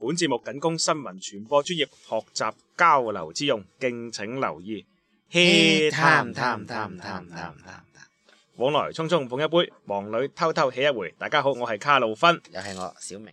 本節目僅供新聞傳播專業學習交流之用，敬請留意。hea 唔 hea 唔 hea 唔 hea 唔 hea 唔 hea 唔 hea，往來匆匆捧一杯，忙裏偷偷起一回。大家好，我係卡路芬，又係我小明。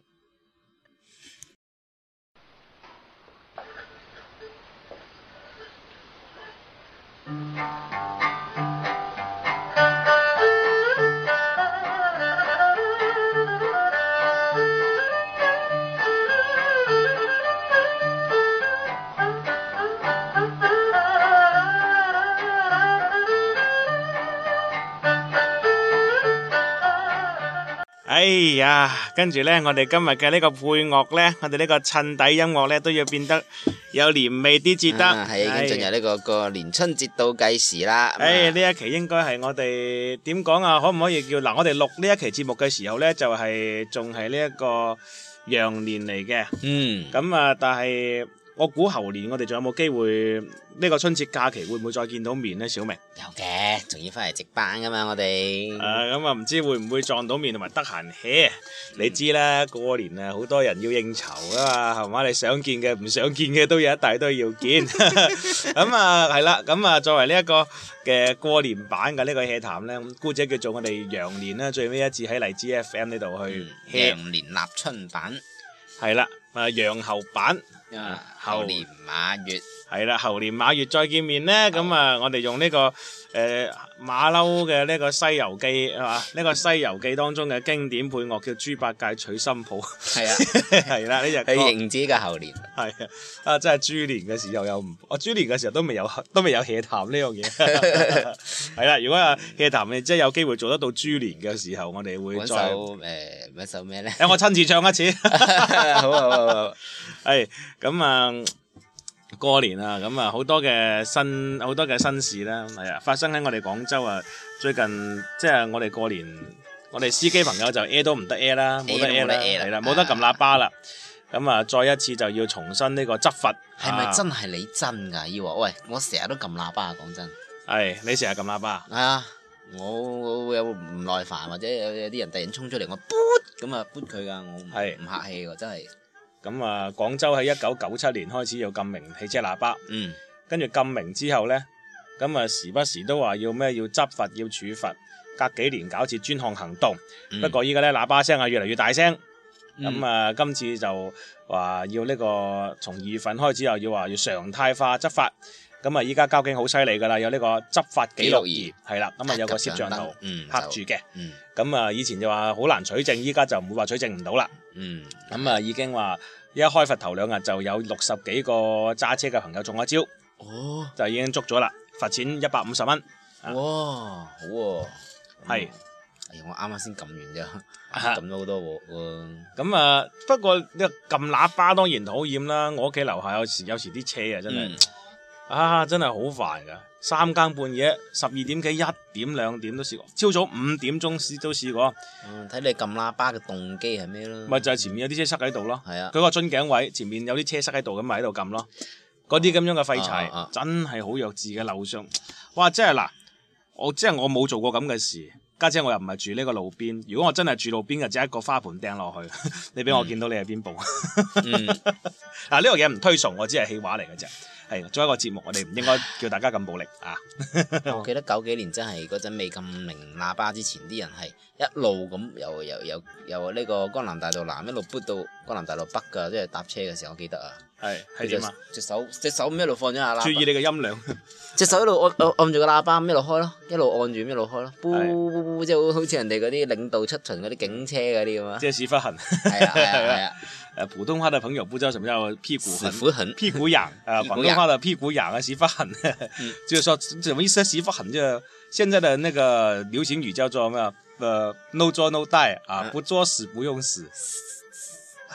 哎呀，跟住呢，我哋今日嘅呢個配樂呢，我哋呢個襯底音樂呢，都要變得有年味啲至得。啊、嗯，係已經進入呢個、哎、個年春節倒計時啦。哎，呢一期應該係我哋點講啊？可唔可以叫嗱？我哋錄呢一期節目嘅時候呢，就係仲係呢一個羊年嚟嘅。嗯。咁啊，但係。我估猴年我哋仲有冇機會呢個春節假期會唔會再見到面咧？小明有嘅，仲要返嚟值班噶嘛？我哋誒咁啊，唔知會唔會撞到面同埋得閒 hea？你知啦，過年啊，好多人要應酬噶嘛，係嘛？你想見嘅唔想見嘅都有一大堆要見咁啊。係啦，咁啊，作為呢一個嘅過年版嘅呢個 hea 談咧，姑且叫做我哋羊年啦，最尾一次喺荔枝 FM 呢度去羊年立春版係啦，啊羊猴版。啊，猴年馬月，係啦，猴年馬月再見面咧，咁啊，我哋用呢個。誒、呃，馬騮嘅呢個《西遊記》係、啊、嘛？呢、這個《西遊記》當中嘅經典配樂叫《豬八戒娶新抱》，係啊，係 啦，呢隻歌。係迎接嘅猴年，係啊，啊，即係豬年嘅時候又唔，我、啊、豬年嘅時候都未有，都未有喜談呢樣嘢，係 啦。 如果喜談，即、就、係、是、有機會做得到豬年嘅時候，我哋會再誒，一首咩咧？有、呃、我親自唱一次， 好啊，係咁啊。過年啊，咁啊，好多嘅新好多嘅新事啦，係啊，發生喺我哋廣州啊。最近即係我哋過年，我哋司機朋友就 ea 都唔得 ea 啦，冇得 ea 啦，係啦，冇得撳喇叭啦。咁啊，再一次就要重新呢個執法。係咪真係？啊，你真噶？要喂，我成日都撳喇叭啊！講真。係你成日撳喇叭？係啊，我，我有唔耐煩或者有有啲人突然衝出嚟，我撥咁啊撥佢噶，我唔唔客氣喎，真係。咁啊，廣州喺一九九七年開始有禁鳴汽車喇叭，嗯，跟住禁鳴之後呢，咁啊時不時都話要咩要執法要處罰，隔幾年搞一次專項行動。嗯、不過依家咧喇叭聲啊越嚟越大聲，咁、嗯、啊今次就話要呢個從二月份開始又要話要常態化執法。咁啊！依家交警好犀利噶啦，有呢個執法記錄儀，係啦，咁啊有個攝像頭，拍、嗯、住嘅。咁、嗯、啊，以前就話好難取證，依家就唔會話取證唔到啦。嗯，咁啊已經話一開罰頭兩日就有六十幾個揸車嘅朋友中咗招、哦，就已經捉咗啦，罰錢一百五十蚊。哇，好喎、啊，係、哎。我啱啱先撳完啫，撳咗好多喎。咁啊、嗯，不過呢個撳喇叭當然討厭啦。我屋企樓下有時有時啲車啊，真係、嗯。啊，真係好煩噶！三更半夜，十二點幾、一點兩點都試過，朝早五點鐘都試過。嗯，睇你撳喇叭嘅動機係咩咯？咪就係前面有啲車塞喺度咯。係啊，佢個樽頸位前面有啲車塞喺度咁，咪喺度撳咯。嗰啲咁樣嘅廢柴、啊、真係好弱智嘅漏鬆。哇！即係嗱，我即係我冇做過咁嘅事。家姐，姐我又唔係住呢個路邊。如果我真係住路邊嘅，只一個花盆掟落去，你俾我見到你係邊部？嗯。嗯 啊！呢、個嘢唔推崇，我只係戲話嚟嘅啫。係作為一個節目，我哋唔應該叫大家咁暴力啊！ 我記得九幾年真係嗰陣未咁鳴喇叭之前，啲人係一路咁由由由由呢個江南大道南一路搬到江南大道北㗎，即係搭車嘅時候，我記得啊！係係隻手隻手咁一路放咗下啦，注意你嘅音量，嗯。隻手一路按按住個喇叭，一路開咯，一路按住一路開咯，呼呼呼，即係、就是、好似人哋嗰啲領導出巡嗰啲警車嗰啲咁啊。即係屎忽痕，係啊係啊，誒，普通話嘅朋友不知道什麼叫屁股屎痕，屁股癢啊，廣東話嘅屁股癢啊，屎忽痕，即、嗯就是說，什麼意思、啊？屎忽痕即就現在嘅那個流行語叫做咩啊？誒，no 作 no die 啊，不作死不用死。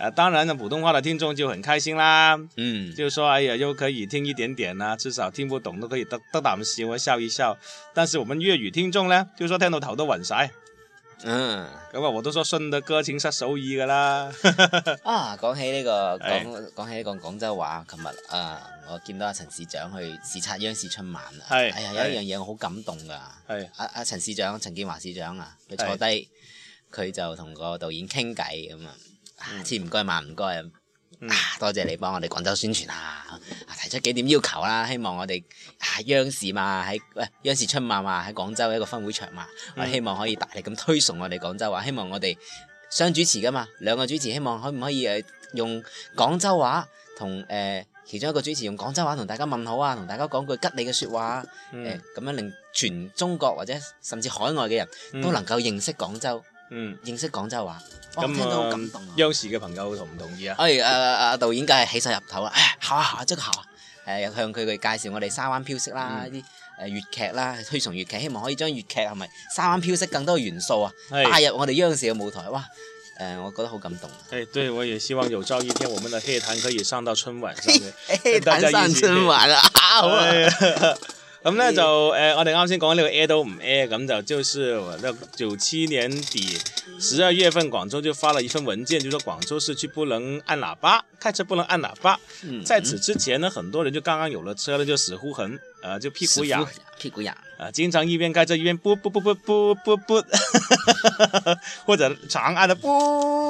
啊，當然啦，普通話的聽眾就很開心啦，嗯，就說，哎呀，又可以聽一點點啦，啊，至少聽不懂都可以得得啖笑，我笑一笑。但是我們粵語聽眾呢就說聽到頭都暈晒，嗯，咁啊，我都說順得哥情失嫂意噶啦。啊， 啊講起呢，這個，哎，講講起呢個廣州話，琴日啊，我見到阿陳市長去視察央視春晚啊，係，哎呀，哎，有一樣嘢我好感動噶，係阿阿陳市長陳建華市長啊，佢坐低佢，哎，就同個導演傾偈咁啊。下次唔該嘛，唔該啊，多謝你幫我哋廣州宣傳啊，提出幾點要求啦，希望我哋啊央視嘛，喺喂央視春晚嘛，喺廣州一個分會場嘛，我希望可以大力咁推崇我哋廣州話，希望我哋雙主持噶嘛，兩個主持希望可唔可以誒用廣州話同誒其中一個主持用廣州話同大家問好啊，同大家講句吉利嘅說話，誒咁樣令全中國或者甚至海外嘅人都能夠認識廣州。嗯，認識廣州話，咁、嗯、聽到好感動啊！央視嘅朋友同唔同意啊？誒誒誒，導演梗係起勢入頭啦、哎，好啊好啊，真好啊！誒、呃，向佢哋介紹我哋沙灣飄色啦，啲、嗯、粵劇啦，推崇粵劇，希望可以將粵劇係咪沙灣飄色更多元素啊，帶入我哋央視嘅舞台，哇！呃、我覺得好感動、啊。誒、哎、對，我也希望有朝一天，我們的黑壇可以上到春晚上面，誒， 上 春晚啊， 啊！好啊。 咁咧就誒，我哋啱先講呢個 ea 都唔 ea，咁就就是我九七年底十二月份，廣州就發了一份文件，就說廣州市區不能按喇叭，開車不能按喇叭、嗯。嗯、在此之前呢，很多人就剛剛有了車了，就屎忽痕，啊，就屁股癢，屁股癢啊，經常一邊開車一邊啵啵啵啵啵啵啵，或者長按的啵。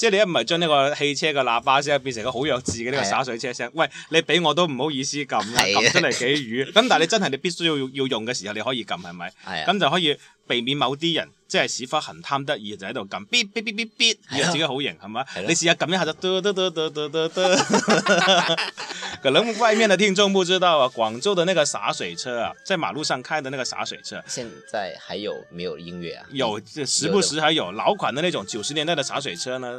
即係你一唔係將呢個汽車嘅喇叭聲變成個好弱智嘅呢個灑水車聲，啊、喂，你俾我都唔好意思撳，撳、啊啊、出嚟幾瘀咁、啊、但係你真係你必須要要用嘅時候，你可以撳係咪？係。咁、啊、就可以避免某啲人即係屎忽痕，貪得意就喺度撳，咇咇咇咇咇，以為自己好型係咪？你試下撳一下就，可能外面嘅聽眾不知道啊，廣州嘅那個灑水車啊，即係馬路上開嘅那個灑水車，現在還有沒有音樂啊？有，時不時還有老款嘅那種九十年代嘅灑水車呢？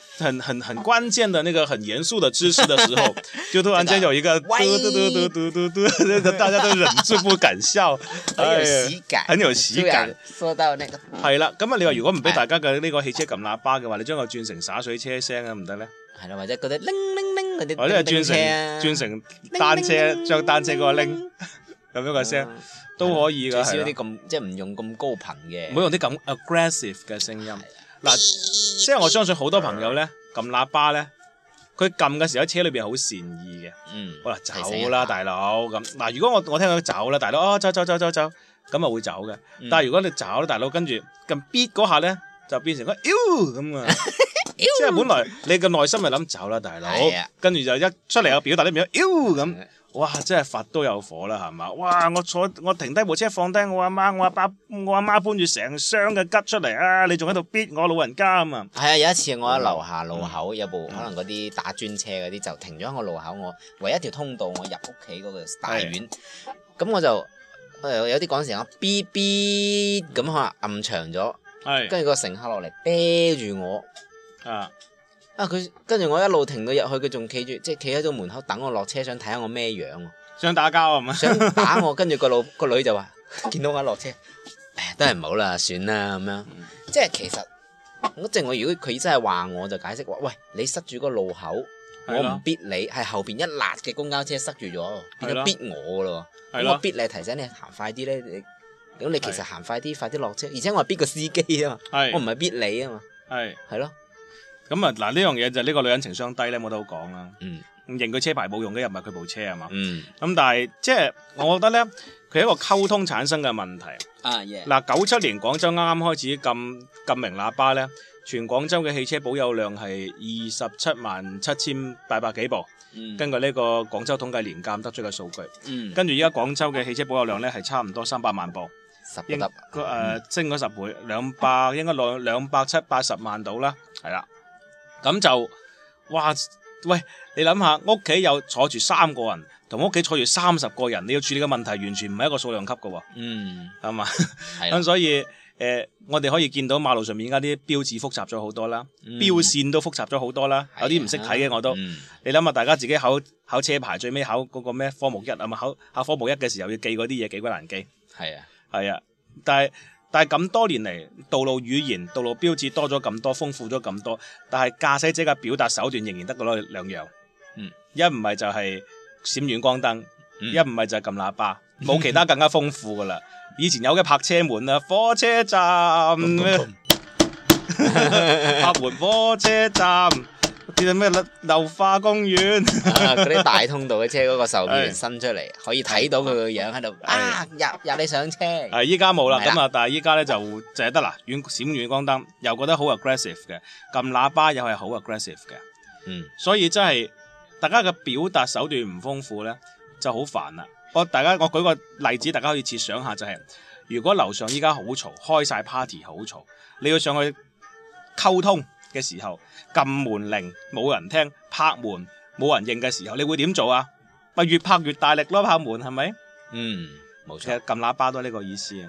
很很很關鍵的那個很嚴肅的姿勢的時候，就突然間有一個嘟嘟嘟嘟嘟嘟，大家都忍住不敢笑，Picasso 了解 waruine，很有喜感，很有喜感，係啦咁啊！說到那個、對了那你話如果唔俾大家嘅呢個汽車撳喇叭嘅話，你將佢轉成灑水車聲啊，唔得咧？係啦，或者嗰啲鈴鈴鈴嗰啲，或者係轉成轉成單車，將單車嗰個鈴咁樣嘅聲都可以嘅，最少啲咁即係唔用咁高頻嘅，唔好用啲咁 aggressive 嘅聲音。exemple ? olması neglected 嗱，即係我相信好多朋友咧，撳喇叭咧，佢撳嘅時候喺車裏邊好善意嘅。嗯，好啦走啦，大佬。咁、哦、嗱，嗯、如果我我聽到走啦，大佬哦，走走走走走，咁啊會走嘅。但係如果你走啦，大佬，跟住撳嗶嗰下咧，就變成個妖咁啊。即係本來你嘅內心咪諗走啦，大佬，跟住就一出嚟，我表達啲咩妖咁。哇！真係佛都有火啦，係嘛？哇！我坐我停低部車，放低我阿媽、我阿爸、我阿媽搬住成箱嘅吉出嚟啊！你仲喺度逼我老人家啊嘛？係啊！有一次我喺樓下路口、嗯、有部可能嗰啲打磚車嗰啲、嗯、就停咗喺個路口，我唯一條通道我入屋企嗰個大院，咁我就有啲趕時間，嗶嗶咁可能按長咗，跟住個乘客落嚟啤住我啊！佢跟住我一路停到入去，佢仲企住，即係企喺度門口等我落車，想睇下我咩樣，啊。想打交啊？唔係想打我？跟住個老 個女就話見到我落車，誒、哎，都係唔好啦，算啦咁樣。嗯、即係其實，即係我如果佢真係話我就解釋話，喂，你塞住個路口，我唔逼你，係後邊一辣嘅公交車塞住咗，變咗逼我噶咯。我逼你提醒你行快啲咧，你咁你，你，你其實行快啲，快啲落車。而且我係逼個司機啊嘛，是我唔係逼你啊嘛，係係咯。咁啊嗱，呢樣嘢就呢個女人情商低咧，冇得好講啦。嗯，認佢車牌冇用嘅，又唔係佢部車係嘛？嗯。咁但係即係我覺得咧，佢係一個溝通產生嘅問題。啊、yeah. 嗱，九七年廣州啱啱開始禁禁鳴喇叭咧，全廣州嘅汽車保有量係二十七萬七千八百幾部，嗯。根據呢個廣州統計年鑒得出嘅數據。嗯。跟住而家廣州嘅汽車保有量咧係差唔多三百萬部。十，應呃、十倍。個、嗯、誒，升咗十倍，兩百應該兩兩百七八十萬度啦。係啦。咁就哇，喂，你諗下屋企有坐住三個人，同屋企坐住三十個人，你要處理嘅問題完全唔係一個數量級嘅喎。嗯，係嘛？咁 所以誒、呃，我哋可以見到馬路上面而家啲標誌複雜咗好多啦、嗯，標線都複雜咗好多啦、嗯，有啲唔識睇嘅我都。嗯、你諗下，大家自己考考車牌最尾考嗰個咩科目一啊嘛，考考科目一嘅時候要記嗰啲嘢幾鬼難記。係啊，係啊，但係。但係咁多年嚟，道路語言、道路標誌多咗咁多，豐富咗咁多，但係駕駛者嘅表達手段仍然得嗰兩兩樣，嗯，一唔係就係閃遠光燈，嗯、一唔係就係撳喇叭，冇其他更加豐富㗎喇。 以前有嘅泊車門啊，火車站 泊拍門火車站。咩？流化公園嗰、啊、啲大通道嘅車嗰、嗰個售票員伸出嚟，可以睇到佢個樣喺度啊！入入你上車，係依家冇啦咁啊！但係依家咧就就係得啦，遠閃遠光燈又覺得好 aggressive 嘅，撳喇叭又係好 aggressive 嘅。嗯，所以真係大家嘅表達手段唔豐富咧，就好煩啦。我大家我舉個例子，大家可以設想一下、就係，就係如果樓上依家好嘈，開晒 party 好嘈，你要上去溝通嘅時候，撳門鈴冇人聽，拍門冇人應嘅時候，你會點做啊？咪越拍越大力咯，拍門係咪？嗯，冇錯，其實撳喇叭都係呢個意思啊。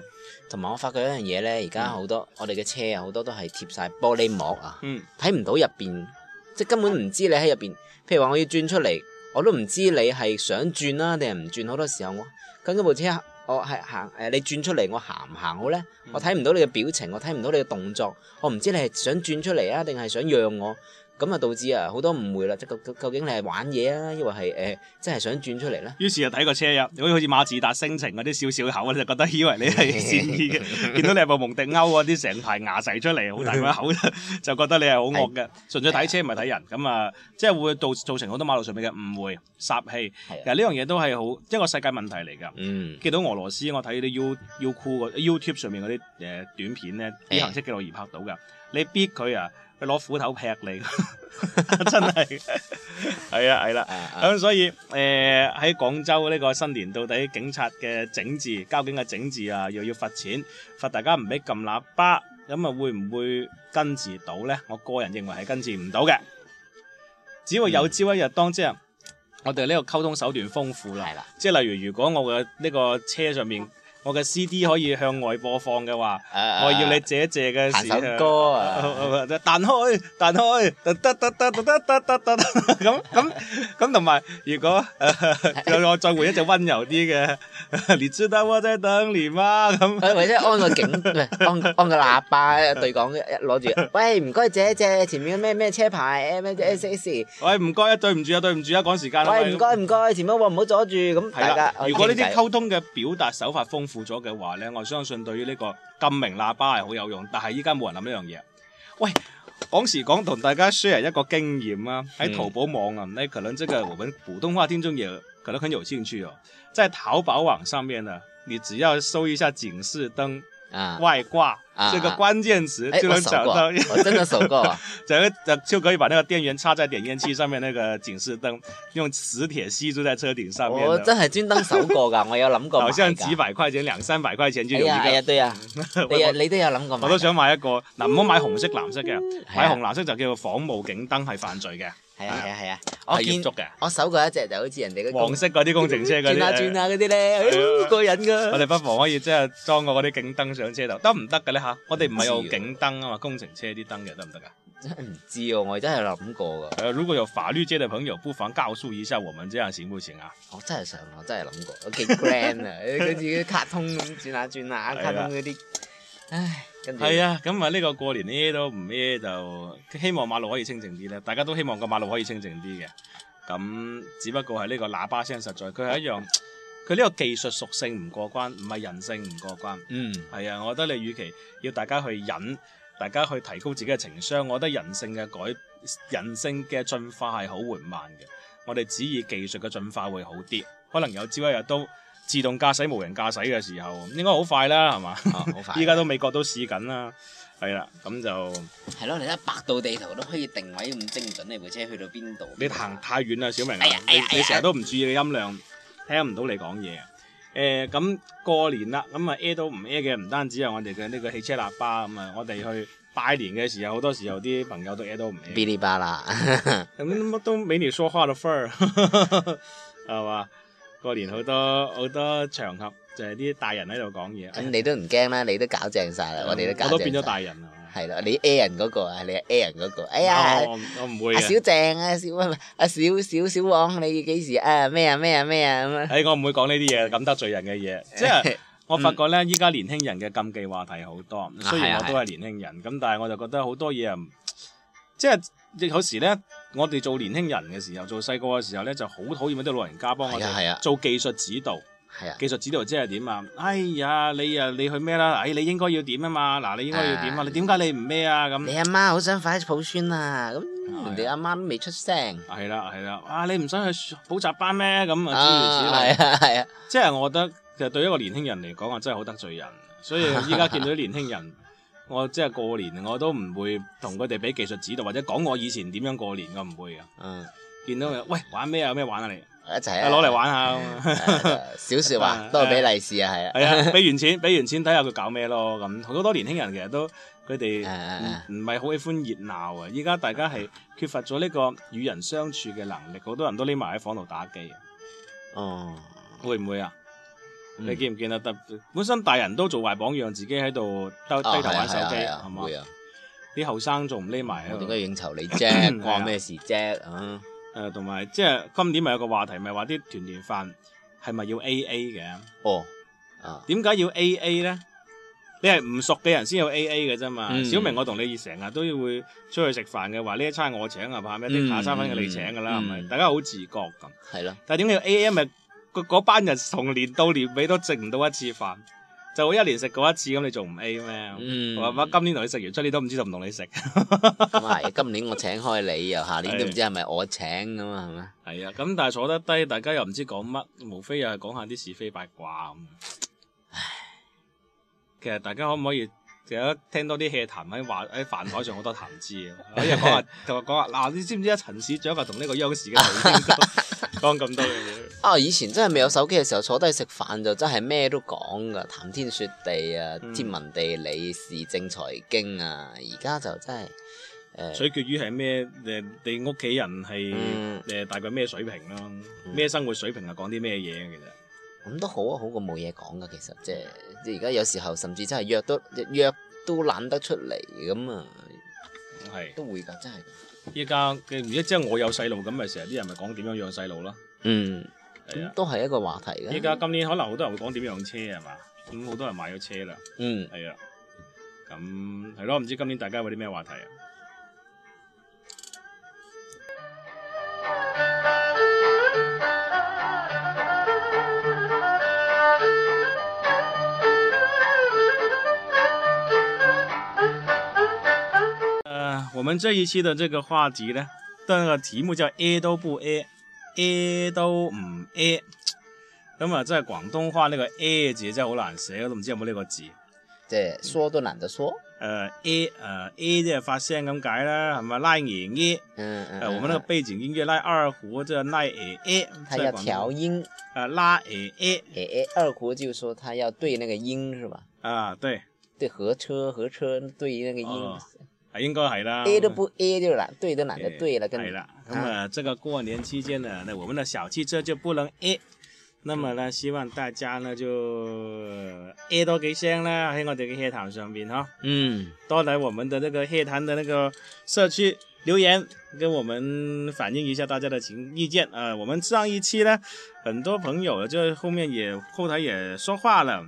同埋我發覺一樣嘢呢，而家好多、嗯、我哋嘅車啊，好多都係貼晒玻璃膜啊，睇、嗯、唔到入邊，即係根本唔知道你喺入邊。譬如話我要轉出嚟，我都唔知道你係想轉啦定係唔轉。好多時候我跟嗰部車。我、哦、係行、誒、呃，你轉出嚟我行唔行好咧？嗯、我睇唔到你嘅表情，我睇唔到你嘅動作，我唔知你係想轉出嚟啊，定係想讓我？咁啊，導致啊好多誤會啦！即究究竟你係玩嘢啊，抑或係誒，即、呃、係想轉出嚟咧？於是就睇個車呀，好似好似馬自達星晴嗰啲少少口就覺得以為你係善意嘅。 見到你係部蒙迪歐嗰啲成排牙曬出嚟，好大個口， 就覺得你係好惡嘅。純粹睇車唔係睇人，咁啊，即係會造造成好多馬路上面嘅誤會、煞氣。嗱，呢樣嘢都係好即係個世界問題嚟㗎。嗯，見到俄羅斯，我睇啲 You y o u YouTube 上面嗰啲短片咧，啲行車記錄儀拍到㗎。你逼佢啊！攞斧頭劈你，真係係啊係啦，咁所以誒喺廣州呢個新年到底警察嘅整治、交警嘅整治啊，又要罰錢，罰大家唔俾撳喇叭，咁啊會唔會根治到咧？我個人認為係根治唔到嘅，只要有朝一日當即係我哋呢個溝通手段豐富啦，係啦，即係例如如果我嘅呢個車上面。我嘅 CD 可以向外播放嘅話，我要你借一借嘅時，彈首歌啊！彈開彈開，噠噠噠噠噠噠噠噠噠，咁咁咁同埋，如果又再換一隻溫柔啲嘅，你知道我在等你嗎？咁或者安個警唔係安安個喇叭對講，一攞住，喂唔該借一借，前面嘅咩咩車牌 M N S S，喂唔該，對唔住啊，對唔住啊，趕時間啦，喂唔該唔該，前面唔好阻住，咁大家如果呢啲溝通嘅表達手法豐富。輔助嘅話呢，我相信對於呢個禁鳴喇叭係好有用，但係依家冇人諗呢樣嘢。喂，講時講同大家 share 一個經驗啊，喺淘寶網啊，那、嗯、可能這個我們普通話聽眾也可能很有興趣哦、啊。在淘寶網上面呢，你只要搜一下警示燈。外掛這、嗯、個關鍵詞、嗯、就能找到、欸我，我真的搜過、啊，整 個就,就,就可以把那個電源插在點煙器上面，那個警示燈 用磁鐵吸住在車頂上面。我真係專登搜過噶， 我有諗過。好像幾百塊錢，兩三百塊錢就有一個。對呀，對呀， 你都有諗過我都想買一個，嗱、啊，唔好買紅色、藍色嘅，買紅藍色就叫做仿冒警燈，係犯罪嘅。係啊係啊係啊，我係建築嘅。我搜過一隻，就好似人哋嗰黃色嗰啲工程車嗰啲 轉下轉下嗰啲咧，好、 啊、過癮噶。 我哋不妨可以即係裝個嗰啲警燈上車頭，得唔得嘅咧吓？我哋唔係有警燈啊嘛，工程車啲燈嘅，得唔得噶？真係唔知哦，我真係諗過噶。 如果有法律界嘅朋友不妨告訴一下我們，這樣行唔行啊？我真係想，我真係諗過，幾 grand 啊！ 佢自己卡通轉下轉下、啊啊，卡通嗰啲。唉，跟住，係啊，咁啊呢個過年呢都唔咩，就希望馬路可以清靜啲啦。大家都希望個馬路可以清靜啲嘅，咁只不過係呢個喇叭聲實在，佢係一樣，佢呢個技術屬性唔過關，唔係人性唔過關。嗯，係啊，我覺得你與其要大家去忍，大家去提高自己嘅情商，我覺得人性嘅改，人性嘅進化係好緩慢嘅。我哋只以技術嘅進化會好啲，可能有朝一日都。自動駕駛、無人駕駛嘅時候應該好快啦，係嘛？依、哦、家 都美國都試緊啦，係啦，咁就係咯。你睇百度地圖都可以定位咁精準，你部車去到邊度？你行太遠啦，小明、哎哎，你成日、哎哎、都唔注意嘅音量，聽唔到你講嘢。誒、呃，咁過年啦，咁、嗯、啊 a 到唔 a 嘅唔單止係我哋嘅呢個汽車喇叭，咁啊，我哋去拜年嘅時候，好多時候啲朋友都 a 到唔 a。別哩吧啦，怎 麼怎麼沒你說話的份兒，知 道吧？過年好多好多場合，就係啲大人喺度講嘢。咁你都唔驚啦，你都搞正曬啦，我哋都搞正曬。我都變咗大人啊！係啦，你 ea 人嗰個啊，你 ea 人嗰個。哎呀，我我唔會。阿小正啊，小阿小小小王，你幾時啊？咩啊咩啊咩啊咁啊！哎，我唔會講呢啲嘢，咁得罪人嘅嘢。即係我發覺咧，依家年輕人嘅禁忌話題好多，雖然我都係年輕人，咁但係我就覺得好多嘢啊，即係亦有時咧。我哋做年輕人嘅時候，做細個嘅時候咧，就好討厭啲老人家幫我哋做技術指導。係啊，係啊，係啊，技術指導即係點啊？哎呀，你啊，你去咩啦？哎，你應該要點啊嘛？嗱，你應該要點啊？你點解你唔咩啊？咁你阿媽好想快啲抱孫啊？咁人哋阿媽都未出聲。係啦係啦，啊你唔想去補習班咩？咁諸如此類。係啊係啊，即係、啊啊啊就是、我覺得其實對一個年輕人嚟講啊，真係好得罪人。所以依家見到啲年輕人。 我即係過年，我都唔會同佢哋俾技術指導，或者講我以前點樣過年，我唔會啊。嗯，見到佢，喂，玩咩啊？有咩玩啊？你一齊攞嚟玩下，少說話，都係俾利是啊，係啊，係啊，俾完錢，俾完錢睇下佢搞咩咯。咁好多年輕人其實都佢哋唔唔係好喜歡熱鬧啊。依家大家係缺乏咗呢個與人相處嘅能力，好多人都匿埋喺房度打機。哦、嗯，會唔會啊？你見唔見啊？得、嗯、本身大人都做壞榜樣，自己喺度低低頭玩手機，係嘛？啲後生仲唔匿埋啊？點解應酬你啫？關咩事啫？啊！誒、啊，同埋即係今年咪有個話題，咪話啲團年飯係咪要 A A 嘅？哦，啊，點解要 A A 咧？你係唔熟嘅人先要 A A 嘅啫嘛？嗯、小明，我同你成日都要會出去食飯嘅話，呢一餐我請啊，怕咩？下三分嘅你請嘅啦，係、嗯、咪、嗯？大家好自覺咁。係咯、啊。但係點解要 A A 咪？嗰班人從年到年尾都食唔到一次飯，就一年食過一次，咁你仲唔 ea 咩？係、嗯、今年同你食完出，你都唔知就唔同你食。係， 今年我請開你，又下年都唔知係咪我請咁嘛？係咪？係啊，咁但係坐得低，大家又唔知講乜，無非又係講下啲是非八卦咁。唉，其實大家可唔可以成日聽多啲戲談喺話？喺飯台上好多談資啊！我講話，同話講話嗱，你知唔知啊？陳市長同呢個優勢嘅講咁多嘢啊！以前真係未有手機嘅時候，坐低食飯就真係咩都講噶，談天說地啊、嗯，天文地理、時政財經啊。而家就真係誒、呃，取決於係咩誒，你屋企人係誒，嗯、係大概咩水平咯？咩生活水平啊，講啲咩嘢啊？其實咁都好啊，好過冇嘢講噶。其實即係即係而家有時候甚至真係約都約都懶得出嚟咁啊，係都會噶，真係。依家嘅，唔知，即係我有細路，咁咪成日啲人咪講點樣養細路咯。嗯，係啊、都係一個話題嘅。依家今年可能好多人會講點樣養車係嘛，咁好、嗯、多人買咗車啦。嗯，係啊，咁係咯，唔、啊、知今年大家有啲咩話題啊？我們這一期的這個話題呢，那個題目叫 “a 都唔 a，a 都唔 a”。那、嗯、麼在廣東話，那個 “a” 字就好難寫，我都唔知有冇呢個字。對，說都懶得說。呃 a 呃 a 即係發聲咁解啦，係咪拉二 a？嗯嗯，嗯、呃。我們那個背景音樂拉二胡這拉二 a。它要調音。啊，拉二 a。二胡就是說它要對那個音是吧？啊，對。對合車，合車對那個音。呃應該係啦。A 都唔 A 就懶，對都懶得對了，A, 跟。來了。那、嗯、麼、啊、這個過年期間呢，那我們的小汽車就不能 A，那麼呢，希望大家呢就 A 多幾聲啦，喺我哋個黑糖」上面哈。嗯。多來我們的這個黑糖」的那個社區留言，跟我們反映一下大家的情意見啊、呃。我們上一期呢，很多朋友就後面也後台也說話了。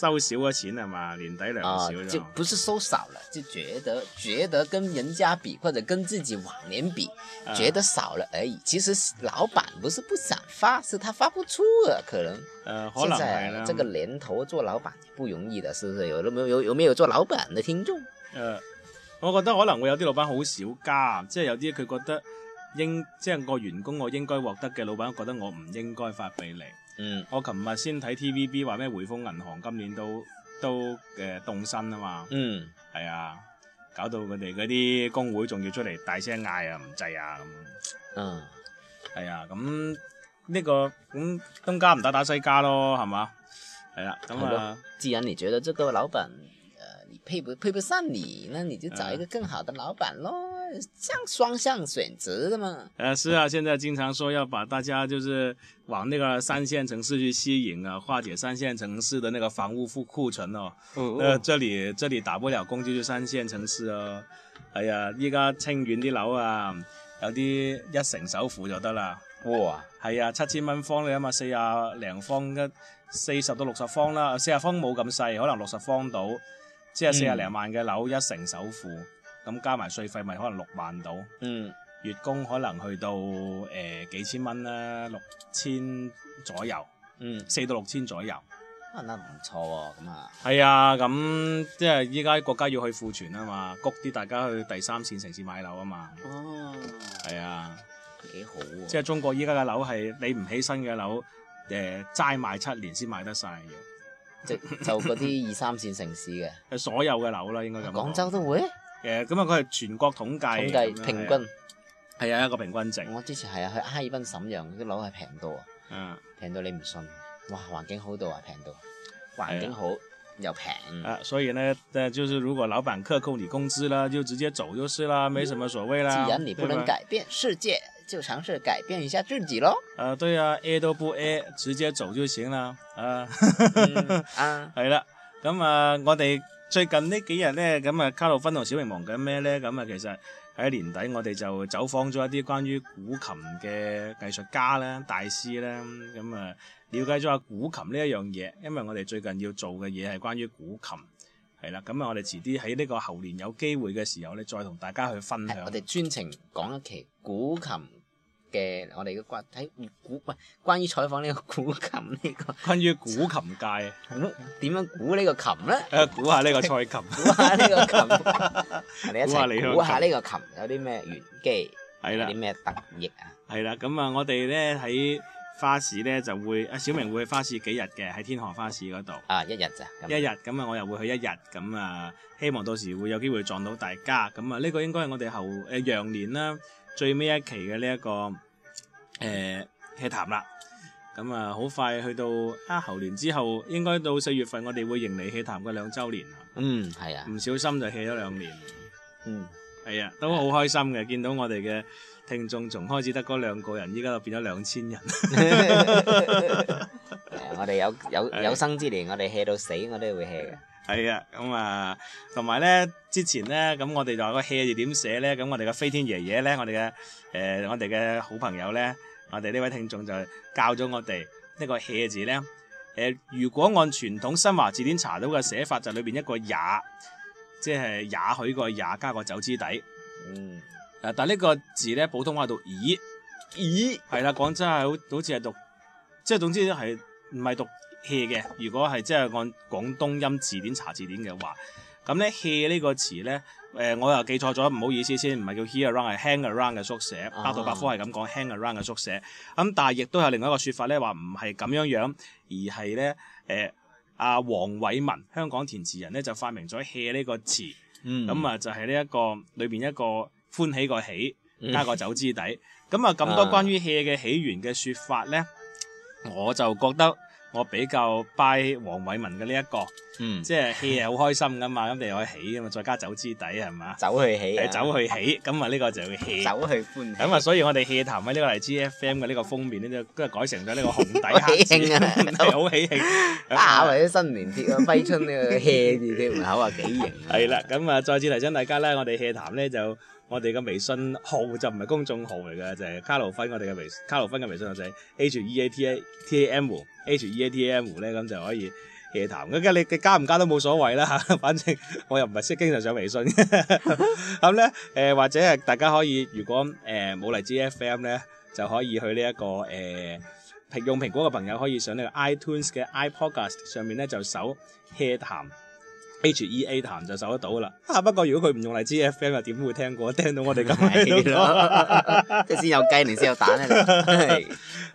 收少咗錢係嘛？年底兩少咗、啊、就，不是收少了，就覺得覺得跟人家比或者跟自己往年比，呃，覺得少了而已。其實老闆不是不想發，是他發不出啊，可能。嗯，好難。現在這個年頭做老闆不容易的，是不是？有冇有有有沒有做老闆的聽眾？誒、呃，我覺得可能會有啲老闆好少加，即係有啲佢覺得應即係個員工我應該獲得嘅，老闆覺得我唔應該發俾你。嗯，我琴日先睇 TVB，話咩匯豐銀行今年都都誒、呃、動身啊嘛。嗯，係啊，搞到佢哋嗰啲工會仲要出嚟大聲嗌啊，唔制啊咁。嗯，係啊，咁呢、這個咁、嗯、東家唔打打西家咯，係嘛？係啦、啊，咁啊既然你覺得這個老闆，誒、呃，你配不配不上你，那你就找一個更好的老闆咯。嗯像雙向選擇的嘛？呃，是啊，現在經常說要把大家就是往那個三線城市去吸引啊，化解三線城市的那個房屋庫庫存、啊、哦，哦。呃，這裏這裏打不了工，就去三線城市哦、啊。哎呀，依家清遠啲樓啊，有啲一成首付就得啦。哇，係啊，七千蚊方嘅嘛，四啊零方一四十到六十方啦，四十方冇咁細，可能六十方到，即係四啊零萬嘅樓、嗯、一成首付。咁加埋稅費咪可能六萬到、嗯，月供可能去到誒、呃、幾千蚊啦，六千左右，四到六千左右，嗯、那不錯啊，唔錯喎，咁啊，係啊，咁即係依家國家要去庫存啊嘛，谷啲大家去第三線城市買樓啊嘛，哦，係啊，幾好啊，即係中國依家嘅樓係你唔起身嘅樓，誒，齋賣七年先賣得曬，就就嗰啲二三線城市嘅，係 所有嘅樓啦，應該咁講，廣州都會。誒，咁啊，佢係全國統計，統計平均，係啊,啊,啊，一個平均值。我之前係啊，去哈爾濱、沈陽啲樓係平到啊，嗯，平到你唔信。哇，環境好到啊，平到，環境好、啊、又平啊，所以呢，就係、是、如果老闆克扣你工資啦，就直接走就是啦、嗯，沒什麼所謂啦。既然你不能改變世界，就嘗試改變一下自己咯。啊，對啊，A 都唔 A，直接走就行了。啊，係、嗯、啦，咁 啊,啊,啊，我哋。最近呢幾日呢，咁啊卡路芬同小明忙緊咩呢？咁啊其實喺年底我哋就走訪咗一啲關於古琴嘅藝術家啦、大師啦，咁啊了解咗下古琴呢一樣嘢，因為我哋最近要做嘅嘢係關於古琴，係啦，咁啊我哋遲啲喺呢個後年有機會嘅時候呢，再同大家去分享。我哋專程講一期古琴。嘅，我哋嘅骨睇古，唔係關於採訪呢個古琴呢、呢個，關於古琴界點樣估呢個琴咧？誒、呃、估下呢個蔡琴，估 下呢個琴，估 下李估下呢個琴 有啲咩玄機？係啦，有啲咩特異啊？係啦，咁啊，我哋咧喺花市咧就會，小明會去花市幾日嘅喺天河花市嗰度啊，一日咋？一日咁啊，我又會去一日，咁啊，希望到時會有機會撞到大家，咁啊，呢個應該係我哋後誒羊年啦。最尾一期嘅呢一個誒 hea 談啦，咁啊好快去到啊猴年之後，應該到四月份我哋會迎嚟 hea 談嘅兩週年啦。嗯，係啊，唔小心就 hea 咗兩年。嗯，係啊，都好開心嘅，見到我哋嘅聽眾從開始得嗰兩個人，依家就變咗兩千人。我哋有有有生之年，我哋 hea 到死我都會 hea 嘅。係啊，咁、嗯、啊，同埋咧，之前咧，咁我哋就、話個 hea 字點寫咧？咁我哋嘅飛天爺爺咧，我哋嘅誒，我哋嘅好朋友咧，我哋呢位聽眾就教咗我哋、這個、呢個 hea 字咧。誒、呃，如果按傳統新華字典查到嘅寫法就面，就裏邊一個也，即係也許個也加個走之底。嗯。啊，但呢個字咧，普通話讀咦咦，係啦，講真係好好似係讀，即、就、係、是、總之係唔係讀。hea 嘅，如果係即係按廣東音字典查字典嘅話，咁咧 hea 呢個詞咧，誒我又記錯咗，唔好意思先，唔係叫 hear around 係 hang around 嘅縮寫。百度百科係咁講 hang around 嘅縮寫。咁但係亦都有另外一個說法咧，話唔係咁樣樣，而係咧誒阿黃偉文香港填詞人咧就發明咗 hea 呢個詞，咁、嗯、啊就係呢一個裏面一個歡喜個喜加個走之底，咁啊咁多關於 hea 嘅起源嘅說法咧、啊，我就覺得。我比較拜黃偉文嘅呢一個，嗯，即係 hea 好開心噶嘛，咁你又可以起噶嘛，再加走之底係嘛，走去，去起，走去起，咁啊呢個就 hea，走去歡喜，咁啊所以我哋 hea 談嘅呢個係 GFM 嘅呢個封面咧都改成咗呢個紅底黑字，好喜慶好喜慶啊，啊或者新年貼啊，揮春呢 hea 住啲門口啊幾型，係啦，咁 啊是的 再次提醒大家啦，我哋 hea 談咧就。我哋嘅微信號就唔係公眾號嚟嘅，就係、是、卡路芬我哋嘅微信卡路芬嘅微信就係 H E A T A T A M H E A T A M 咧，咁就可以夜談。咁你嘅加唔加都冇所謂啦，反正我又唔係識經常上微信。咁咧誒或者大家可以，如果誒冇、呃、荔枝 FM 咧，就可以去呢、這、一個誒、呃、用蘋果嘅朋友可以上呢個 iTunes 嘅 iPodcast 上面咧就搜夜談。hea 談就搜得到啦，吓不過如果佢唔用荔枝 FM 又點會聽過？聽到我哋咁樣即係先有雞，你先有蛋咧。係，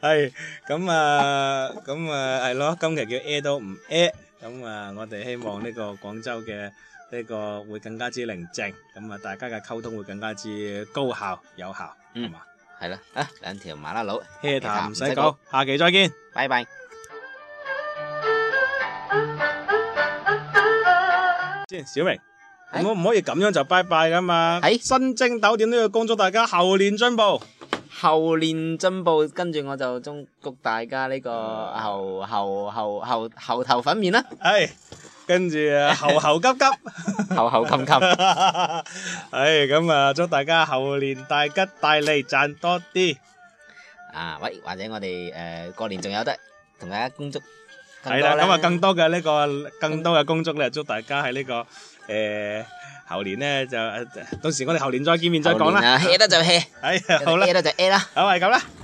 係咁啊，咁啊係咯，今期叫 ea 都唔 ea，咁啊我哋希望呢個廣州嘅呢個會更加之寧靜，咁啊大家嘅溝通會更加之高效有效，係嘛？係啦，啊兩條麻辣佬，hea 談唔使講，下期再見，拜拜。小明，唔可唔可以咁樣就拜拜噶嘛？喺新正酒店都要恭祝大家猴年進步。猴年進步，跟住我就中祝大家呢個猴猴猴猴猴頭粉麵啦。係，跟住啊猴猴急急，猴猴擒擒。唉咁啊，祝大家猴年大吉大利，賺多啲。啊喂，或者我哋誒過年仲有得同大家恭祝。係啦，咁啊，更多嘅呢、這個更多嘅工作呢，祝大家喺呢、這個誒、呃、後年呢，就到時我哋後年再見面再講啦、啊。hea 得就 hea， 好啦，hea 得就 hea 啦，好係咁啦。就是